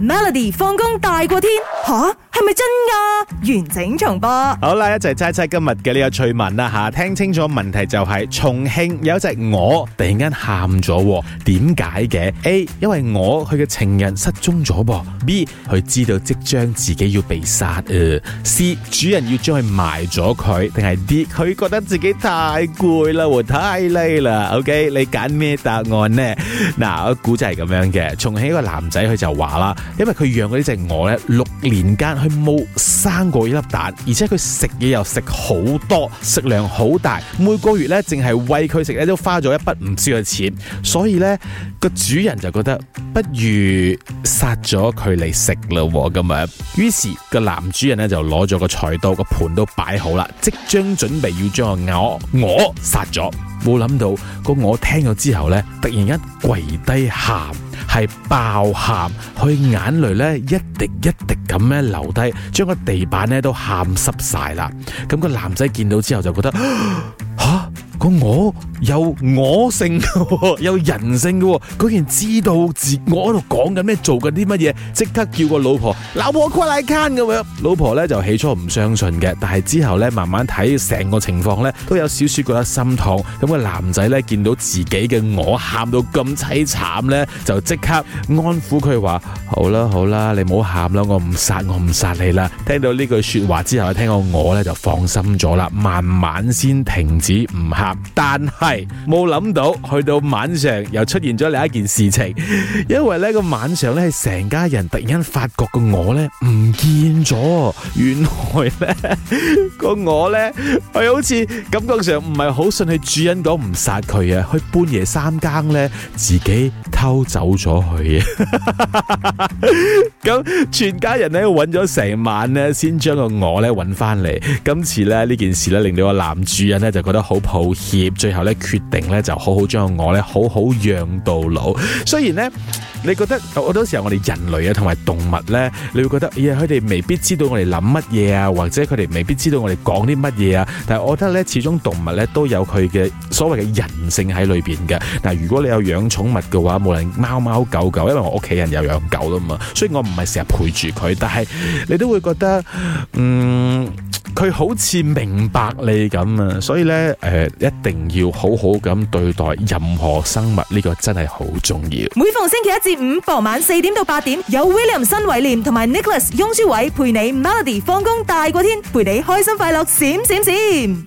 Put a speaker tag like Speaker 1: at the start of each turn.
Speaker 1: Melody 放工大過天吓，係咪真噶？完整重播好啦，一齊猜猜今日嘅呢個趣聞啦吓，聽清楚問題就係、是：重慶有一隻鵝突然間喊咗，點解嘅？A，因為鵝，佢嘅情人失蹤咗噃；B，佢知道即將自己要被殺啊；C，主人要將佢埋咗佢，定係 D，佢覺得自己太攰啦，太累啦。OK，你揀咩答案呢？嗱， 我估就係咁樣嘅。重慶個男仔佢就話啦。因為佢養嗰啲隻鵝呢，六年間佢冇生過一粒蛋，而且佢食嘢又食好多，食量好大，每個月呢，淨係餵佢食咧都花咗一筆唔少嘅錢，所以呢，個主人就覺得不如殺咗佢嚟食咯，咁啊，於是個男主人呢，就攞咗個菜刀，個盤都擺好啦，即將準備要將，個鵝鵝殺咗，冇諗到個鵝聽咗之後呢，突然間跪低喊。係爆喊，佢眼淚咧一滴一滴咁咧流低，將個地板咧都喊濕晒啦。咁個男仔見到之後就覺得。 個鵝有鵝性嘅、哦，有人性嘅、哦，居然知道自己我喺度講緊咩，做緊啲乜嘢，即刻叫個老婆，老婆 call 你 c 咁樣。老婆咧就起初唔相信嘅，但係之後咧慢慢睇成個情況咧，都有少少覺得心痛。咁、那個男仔咧見到自己嘅鵝喊到咁凄慘咧，就即刻安撫佢話：好啦好啦，你唔好喊啦，我唔殺我唔殺你啦。聽到呢句說話之後，聽個鵝咧就放心咗啦，慢慢先停止唔喊。但係冇諗到，去到晚上又出現咗另一件事情，因為咧個晚上咧，成家人突然間發覺個鵝咧唔見咗，原來咧個鵝咧係好似感覺上唔係好信佢主人講唔殺佢啊，去半夜三更咧自己偷走咗佢，咁全家人咧揾咗成晚咧，先將個鵝咧揾翻嚟。今次咧呢件事咧，令到個男主人咧就覺得好抱歉，最後咧決定咧就好好將個鵝咧好好養到老。雖然咧。你覺得好多時候我哋人類啊，同埋動物呢，你會覺得，咦，佢哋未必知道我哋諗乜嘢啊，或者佢哋未必知道我哋講啲乜嘢啊。但係我覺得呢，始終動物呢都有佢嘅所謂嘅人性喺裏邊嘅。但係如果你有養寵物嘅話，無論貓貓狗狗，因為我屋企人有養狗吖嘛，所以我唔係成日陪住佢，但係你都會覺得，嗯。.佢好似明白你咁啊，所以咧，誒、呃，一定要好好咁對待任何生物，呢、這個真係好重要。每逢星期一至五傍晚四點到八點，有 William 新偉廉同埋 Nicholas 雍舒偉陪你 Melody 放工大過天，陪你開心快樂閃閃閃。閃閃閃。